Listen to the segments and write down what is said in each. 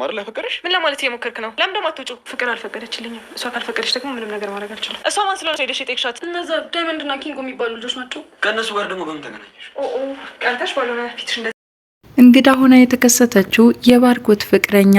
ማድረግ አልፈቀደሽ? ምን ለማለት የሞከርክ ነው? ለምን ደግሞ አትውጪው? ፍቅር አልፈቀደችልኝም። እሷ ካልፈቀደች ደግሞ ምንም ነገር ማድረግ አልችልም። እሷ ማን ስለሆነ ሄደሽ የጤክሻት? እነዛ ዳይመንድ እና ኪንጎ የሚባሉ ልጆች ናቸው። ከእነሱ ጋር ደግሞ በምን ተገናኘሽ? ቀልተሽ ባልሆነ ፊትሽ እንደ እንግዳ ሆና የተከሰተችው የባርኮት ፍቅረኛ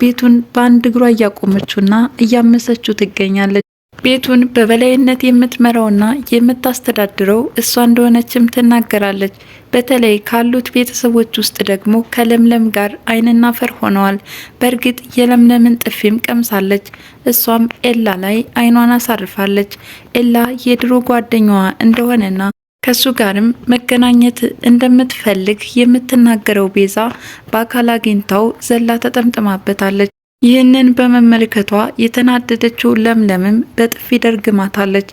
ቤቱን በአንድ እግሯ እያቆመችውና እያመሰችው ትገኛለች። ቤቱን በበላይነት የምትመራውና የምታስተዳድረው እሷ እንደሆነችም ትናገራለች። በተለይ ካሉት ቤተሰቦች ውስጥ ደግሞ ከለምለም ጋር አይንና አፈር ሆነዋል። በእርግጥ የለምለምን ጥፊም ቀምሳለች። እሷም ኤላ ላይ አይኗን አሳርፋለች። ኤላ የድሮ ጓደኛዋ እንደሆነና ከሱ ጋርም መገናኘት እንደምትፈልግ የምትናገረው ቤዛ በአካል አግኝታው ዘላ ተጠምጥማበታለች። ይህንን በመመልከቷ የተናደደችው ለምለምም በጥፊ ደርግማታለች።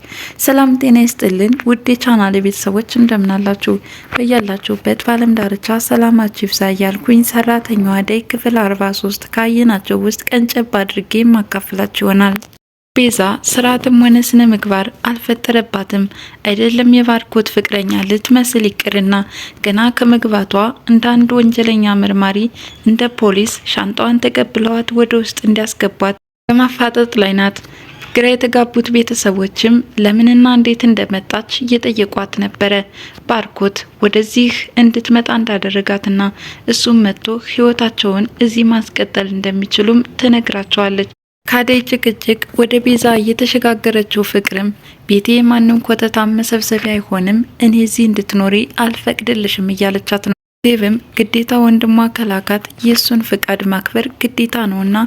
ሰላም ጤና ይስጥልን ውድ የቻናሌ ቤተሰቦች እንደምናላችሁ በያላችሁበት በዓለም ዳርቻ ሰላማችሁ ይብዛ እያልኩኝ ሰራተኛዋ አደይ ክፍል 43 ካየናቸው ውስጥ ቀንጨብ አድርጌ ማካፍላችሁ ይሆናል። ቤዛ ስርዓትም ሆነ ስነ ምግባር አልፈጠረባትም። አይደለም የባርኮት ፍቅረኛ ልትመስል ይቅርና ገና ከመግባቷ እንደ አንድ ወንጀለኛ መርማሪ እንደ ፖሊስ ሻንጣዋን ተቀብለዋት ወደ ውስጥ እንዲያስገቧት በማፋጠጥ ላይ ናት። ግራ የተጋቡት ቤተሰቦችም ለምንና እንዴት እንደመጣች እየጠየቋት ነበረ። ባርኮት ወደዚህ እንድትመጣ እንዳደረጋትና እሱም መጥቶ ህይወታቸውን እዚህ ማስቀጠል እንደሚችሉም ትነግራቸዋለች። ካደይ ጭቅጭቅ ወደ ቤዛ እየተሸጋገረችው ፍቅርም ቤቴ ማንም ኮተታ መሰብሰቢያ አይሆንም፣ እኔ እዚህ እንድትኖሪ አልፈቅድልሽም እያለቻት ነው። ዴቭም ግዴታ ወንድሟ ከላካት የእሱን ፍቃድ ማክበር ግዴታ ነውና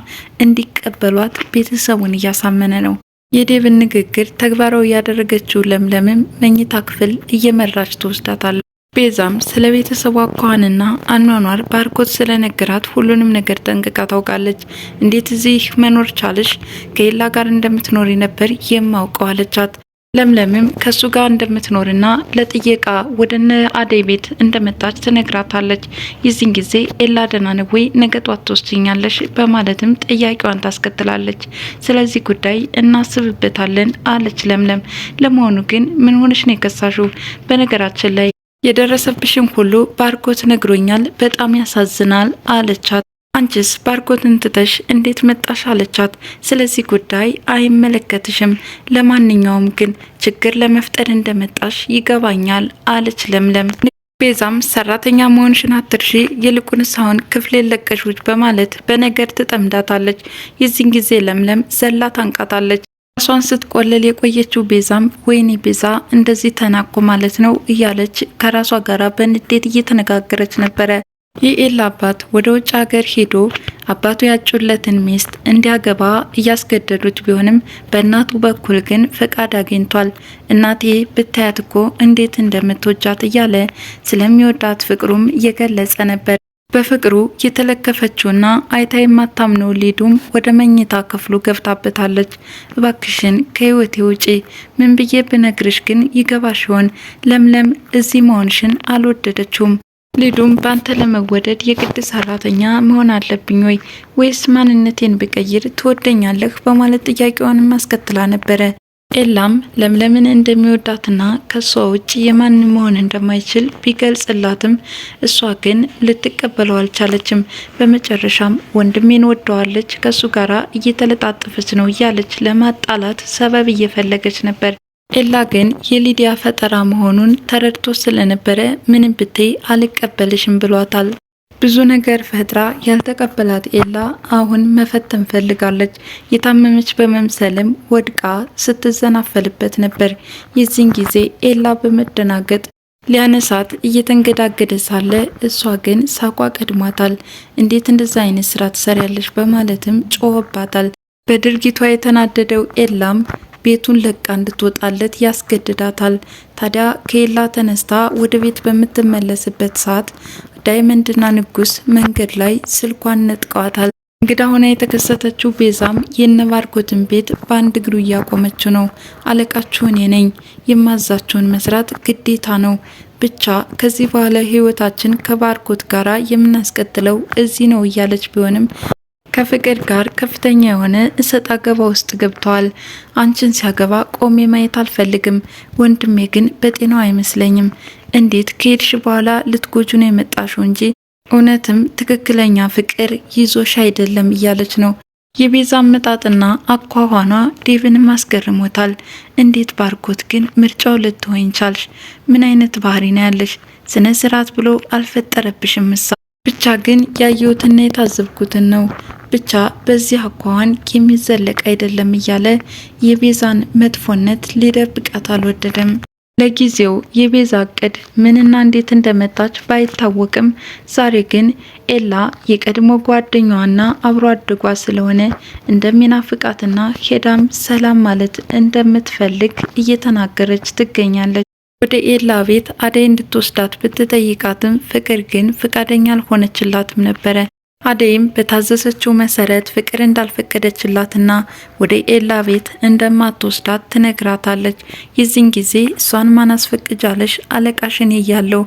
እንዲቀበሏት ቤተሰቡን እያሳመነ ነው። የዴቭን ንግግር ተግባራዊ ያደረገችው ለምለምም መኝታ ክፍል እየመራች ትወስዳታለች። ቤዛም ስለ ቤተሰቧ አኳኋንና አኗኗር ባርኮት ስለነገራት ሁሉንም ነገር ጠንቅቃ ታውቃለች። እንዴት እዚህ መኖር ቻለሽ? ከሌላ ጋር እንደምትኖሪ ነበር የማውቀው አለቻት። ለምለምም ከሱ ጋር እንደምትኖርና ለጥየቃ ወደነ አደይ ቤት እንደመጣች ትነግራታለች። የዚህን ጊዜ ኤላ ደህና ነው ወይ ነገ ጧት ትወስጂኛለሽ በማለትም ጥያቄዋን ታስከትላለች። ስለዚህ ጉዳይ እናስብበታለን አለች ለምለም። ለመሆኑ ግን ምን ሆነሽ ነው የከሳሹ? በነገራችን ላይ የደረሰብሽም ሁሉ ባርኮት ነግሮኛል፣ በጣም ያሳዝናል አለቻት። አንቺስ ባርኮትን ትተሽ እንዴት መጣሽ አለቻት። ስለዚህ ጉዳይ አይመለከትሽም፣ ለማንኛውም ግን ችግር ለመፍጠር እንደመጣሽ ይገባኛል አለች ለምለም። ቤዛም ሰራተኛ መሆንሽን አትርሺ፣ ይልቁንስ አሁን ክፍል ለቀሽ ውጭ በማለት በነገር ትጠምዳታለች። የዚህን ጊዜ ለምለም ዘላ ታንቃታለች። ራሷን ስትቆልል የቆየችው ቤዛም ወይኔ ቤዛ እንደዚህ ተናቆ ማለት ነው እያለች ከራሷ ጋር በንዴት እየተነጋገረች ነበረ። የኤላ አባት ወደ ውጭ ሀገር ሄዶ አባቱ ያጩለትን ሚስት እንዲያገባ እያስገደዱት ቢሆንም በእናቱ በኩል ግን ፈቃድ አግኝቷል። እናቴ ብታያት እኮ እንዴት እንደምትወጃት እያለ ስለሚወዳት ፍቅሩም እየገለጸ ነበር። በፍቅሩ የተለከፈችውና አይታ የማታምነው ሊዱም ወደ መኝታ ክፍሉ ገብታበታለች። እባክሽን ከህይወቴ ውጪ፣ ምን ብዬ ብነግርሽ ግን ይገባሽ ይሆን? ለምለም እዚህ መሆንሽን አልወደደችውም። ሊዱም በአንተ ለመወደድ የግድ ሰራተኛ መሆን አለብኝ ወይ ወይስ ማንነቴን ብቀይር ትወደኛለህ? በማለት ጥያቄዋንም አስከትላ ነበረ። ኤላም ለምለምን እንደሚወዳትና ከሷ ውጭ የማንም መሆን እንደማይችል ቢገልጽላትም እሷ ግን ልትቀበለው አልቻለችም። በመጨረሻም ወንድሜን ወደዋለች፣ ከሱ ጋራ እየተለጣጠፈች ነው እያለች ለማጣላት ሰበብ እየፈለገች ነበር። ኤላ ግን የሊዲያ ፈጠራ መሆኑን ተረድቶ ስለነበረ ምንም ብቴ አልቀበልሽም ብሏታል። ብዙ ነገር ፈጥራ ያልተቀበላት ኤላ አሁን መፈተን ፈልጋለች። የታመመች በመምሰልም ወድቃ ስትዘናፈልበት ነበር። የዚህን ጊዜ ኤላ በመደናገጥ ሊያነሳት እየተንገዳገደ ሳለ እሷ ግን ሳቋ ቀድሟታል። እንዴት እንደዛ አይነት ስራ ትሰሪያለች በማለትም ጮኸባታል። በድርጊቷ የተናደደው ኤላም ቤቱን ለቃ እንድትወጣለት ያስገድዳታል። ታዲያ ከኤላ ተነስታ ወደ ቤት በምትመለስበት ሰዓት ዳይመንድና ንጉስ መንገድ ላይ ስልኳን ነጥቀዋታል። እንግዳ ሆና የተከሰተችው ቤዛም የነባርኮትን ቤት በአንድ እግሩ እያቆመችው ነው። አለቃችሁ እኔ ነኝ፣ የማዛችሁን መስራት ግዴታ ነው። ብቻ ከዚህ በኋላ ህይወታችን ከባርኮት ጋር የምናስቀጥለው እዚህ ነው እያለች ቢሆንም ከፍቅር ጋር ከፍተኛ የሆነ እሰጥ አገባ ውስጥ ገብተዋል። አንቺን ሲያገባ ቆሜ ማየት አልፈልግም፣ ወንድሜ ግን በጤናው አይመስለኝም እንዴት ከሄድሽ በኋላ ልትጎጁ ነው የመጣሽው እንጂ እውነትም ትክክለኛ ፍቅር ይዞሽ አይደለም እያለች ነው። የቤዛ አመጣጥና አኳኋኗ ዴቭንም አስገርሞታል። እንዴት ባርኮት ግን ምርጫው ልትሆኝ ቻልሽ? ምን አይነት ባህሪ ነው ያለሽ? ስነ ስርዓት ብሎ አልፈጠረብሽም ምሳ ብቻ ግን ያየሁትና የታዘብኩትን ነው። ብቻ በዚህ አኳኋን የሚዘለቅ አይደለም እያለ የቤዛን መጥፎነት ሊደብቃት አልወደደም። ለጊዜው የቤዛ እቅድ ምንና እንዴት እንደመጣች ባይታወቅም ዛሬ ግን ኤላ የቀድሞ ጓደኛዋና አብሮ አድጓ ስለሆነ እንደሚናፍቃትና ሄዳም ሰላም ማለት እንደምትፈልግ እየተናገረች ትገኛለች። ወደ ኤላ ቤት አደይ እንድትወስዳት ብትጠይቃትም ፍቅር ግን ፍቃደኛ አልሆነችላትም ነበረ። አደይም በታዘዘችው መሰረት ፍቅር እንዳልፈቀደችላትና ወደ ኤላ ቤት እንደማትወስዳት ትነግራታለች። የዚህን ጊዜ እሷን ማናስፈቅጃለሽ አለቃሽን እያለው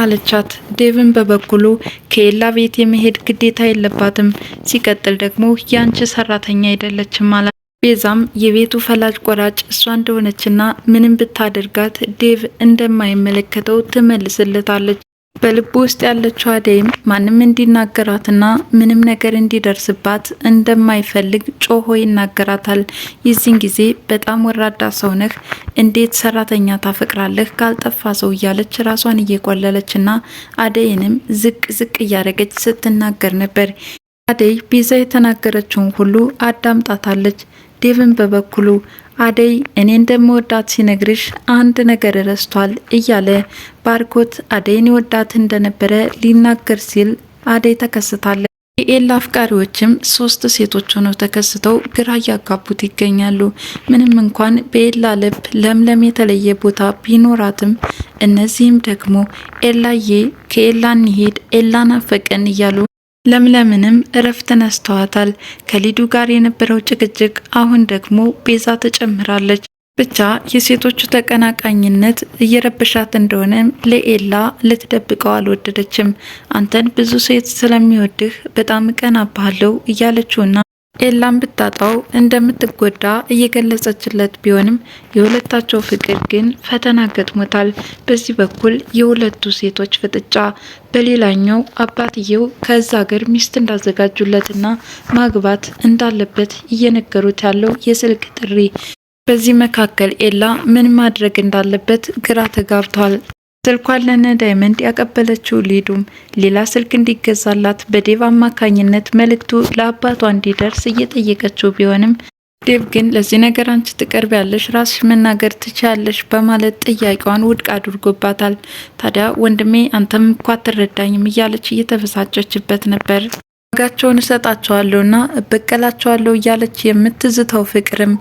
አለቻት። ዴቭን በበኩሉ ከኤላ ቤት የመሄድ ግዴታ የለባትም፣ ሲቀጥል ደግሞ ያንቺ ሰራተኛ አይደለችም አላት። ቤዛም የቤቱ ፈላጭ ቆራጭ እሷ እንደሆነችና ምንም ብታደርጋት ዴቭ እንደማይመለከተው ትመልስለታለች። በልቡ ውስጥ ያለችው አደይም ማንም እንዲናገራትና ምንም ነገር እንዲደርስባት እንደማይፈልግ ጮሆ ይናገራታል። ይዚህን ጊዜ በጣም ወራዳ ሰው ነህ፣ እንዴት ሰራተኛ ታፈቅራለህ? ካልጠፋ ሰው እያለች ራሷን እየቆለለችና አደይንም ዝቅ ዝቅ እያደረገች ስትናገር ነበር። አደይ ቤዛ የተናገረችውን ሁሉ አዳምጣታለች። ዴቭን በበኩሉ አደይ እኔ እንደምወዳት ሲነግርሽ አንድ ነገር ረስቷል እያለ ባርኮት አደይን ይወዳት እንደነበረ ሊናገር ሲል አደይ ተከስታለች። የኤላ አፍቃሪዎችም ሶስት ሴቶች ሆነው ተከስተው ግራ እያጋቡት ይገኛሉ። ምንም እንኳን በኤላ ልብ ለምለም የተለየ ቦታ ቢኖራትም እነዚህም ደግሞ ኤላዬ ከኤላ እንሄድ ኤላ አፈቀን እያሉ ለምለምንም እረፍት ነስተዋታል። ከሊዱ ጋር የነበረው ጭቅጭቅ አሁን ደግሞ ቤዛ ተጨምራለች። ብቻ የሴቶቹ ተቀናቃኝነት እየረበሻት እንደሆነም ለኤላ ልትደብቀው አልወደደችም። አንተን ብዙ ሴት ስለሚወድህ በጣም እቀናብሃለሁ እያለችውና ኤላን ብታጣው እንደምትጎዳ እየገለጸችለት ቢሆንም የሁለታቸው ፍቅር ግን ፈተና ገጥሞታል። በዚህ በኩል የሁለቱ ሴቶች ፍጥጫ፣ በሌላኛው አባትየው ከዛ ሀገር ሚስት እንዳዘጋጁለትና ማግባት እንዳለበት እየነገሩት ያለው የስልክ ጥሪ። በዚህ መካከል ኤላ ምን ማድረግ እንዳለበት ግራ ተጋብቷል። ስልኳን ለነ ዳይመንድ ያቀበለችው ሊዱም ሌላ ስልክ እንዲገዛላት በዴቭ አማካኝነት መልእክቱ ለአባቷ እንዲደርስ እየጠየቀችው ቢሆንም ዴቭ ግን ለዚህ ነገር አንቺ ያለሽ ራስሽ መናገር ትችያለሽ በማለት ጥያቄዋን ውድቅ አድርጎባታል። ታዲያ ወንድሜ አንተም እኮ አትረዳኝም እያለች እየተበሳጨችበት ነበር። ዋጋቸውን እሰጣቸዋለሁና እበቀላቸዋለሁ እያለች የምትዝተው ፍቅርም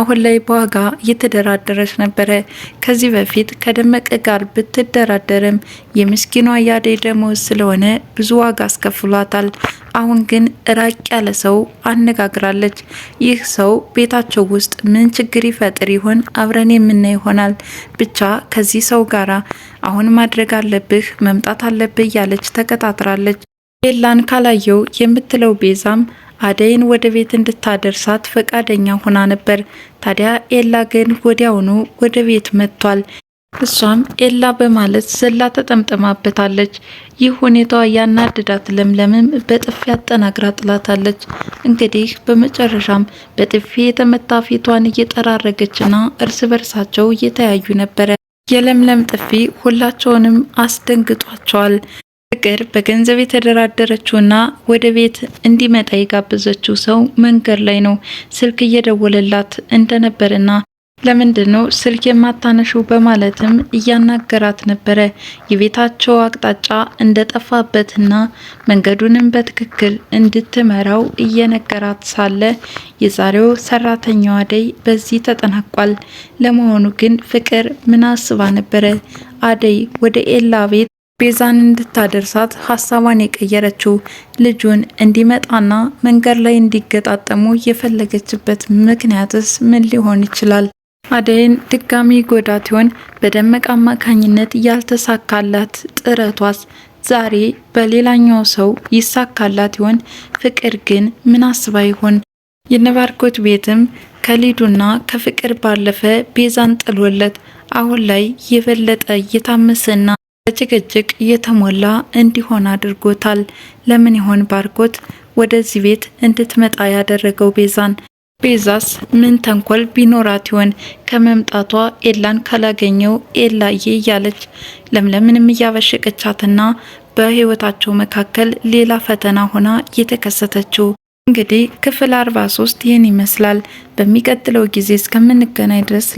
አሁን ላይ በዋጋ እየተደራደረች ነበረ። ከዚህ በፊት ከደመቀ ጋር ብትደራደርም የምስኪኗ ያዴ ደሞዝ ስለሆነ ብዙ ዋጋ አስከፍሏታል። አሁን ግን ራቅ ያለ ሰው አነጋግራለች። ይህ ሰው ቤታቸው ውስጥ ምን ችግር ይፈጥር ይሆን? አብረን የምናይ ይሆናል። ብቻ ከዚህ ሰው ጋራ አሁን ማድረግ አለብህ፣ መምጣት አለብህ እያለች ተቀጣጥራለች። ኤላን ካላየው የምትለው ቤዛም አደይን ወደ ቤት እንድታደርሳት ፈቃደኛ ሆና ነበር። ታዲያ ኤላ ግን ወዲያውኑ ወደ ቤት መጥቷል። እሷም ኤላ በማለት ዘላ ተጠምጥማበታለች። ይህ ሁኔታዋ ያናድዳት ለምለምም በጥፊ አጠናግራ ጥላታለች። እንግዲህ በመጨረሻም በጥፊ የተመታ ፊቷን እየጠራረገችና እርስ በርሳቸው እየተያዩ ነበረ። የለምለም ጥፊ ሁላቸውንም አስደንግጧቸዋል። ፍቅር በገንዘብ የተደራደረችውና ወደ ቤት እንዲመጣ የጋበዘችው ሰው መንገድ ላይ ነው ስልክ እየደወለላት እንደነበርና ለምንድን ነው ስልክ የማታነሽው በማለትም እያናገራት ነበረ። የቤታቸው አቅጣጫ እንደጠፋበትና መንገዱንም በትክክል እንድትመራው እየነገራት ሳለ የዛሬው ሰራተኛዋ አደይ በዚህ ተጠናቋል። ለመሆኑ ግን ፍቅር ምን አስባ ነበረ? አደይ ወደ ኤላ ቤት ቤዛን እንድታደርሳት ሀሳቧን የቀየረችው ልጁን እንዲመጣና መንገድ ላይ እንዲገጣጠሙ የፈለገችበት ምክንያትስ ምን ሊሆን ይችላል? አደይን ድጋሚ ጎዳት ይሆን? በደመቅ አማካኝነት ያልተሳካላት ጥረቷስ ዛሬ በሌላኛው ሰው ይሳካላት ይሆን? ፍቅር ግን ምን አስባ ይሆን? የነባርኮት ቤትም ከሊዱና ከፍቅር ባለፈ ቤዛን ጥሎለት አሁን ላይ የበለጠ እየታመሰና በጭቅጭቅ እየተሞላ እንዲሆን አድርጎታል። ለምን ይሆን ባርኮት ወደዚህ ቤት እንድትመጣ ያደረገው ቤዛን? ቤዛስ ምን ተንኮል ቢኖራት ይሆን? ከመምጣቷ ኤላን ካላገኘው ኤላዬ እያለች ለምለምንም እያበሸቀቻትና በህይወታቸው መካከል ሌላ ፈተና ሆና የተከሰተችው እንግዲህ ክፍል አርባ ሶስት ይህን ይመስላል። በሚቀጥለው ጊዜ እስከምንገናኝ ድረስ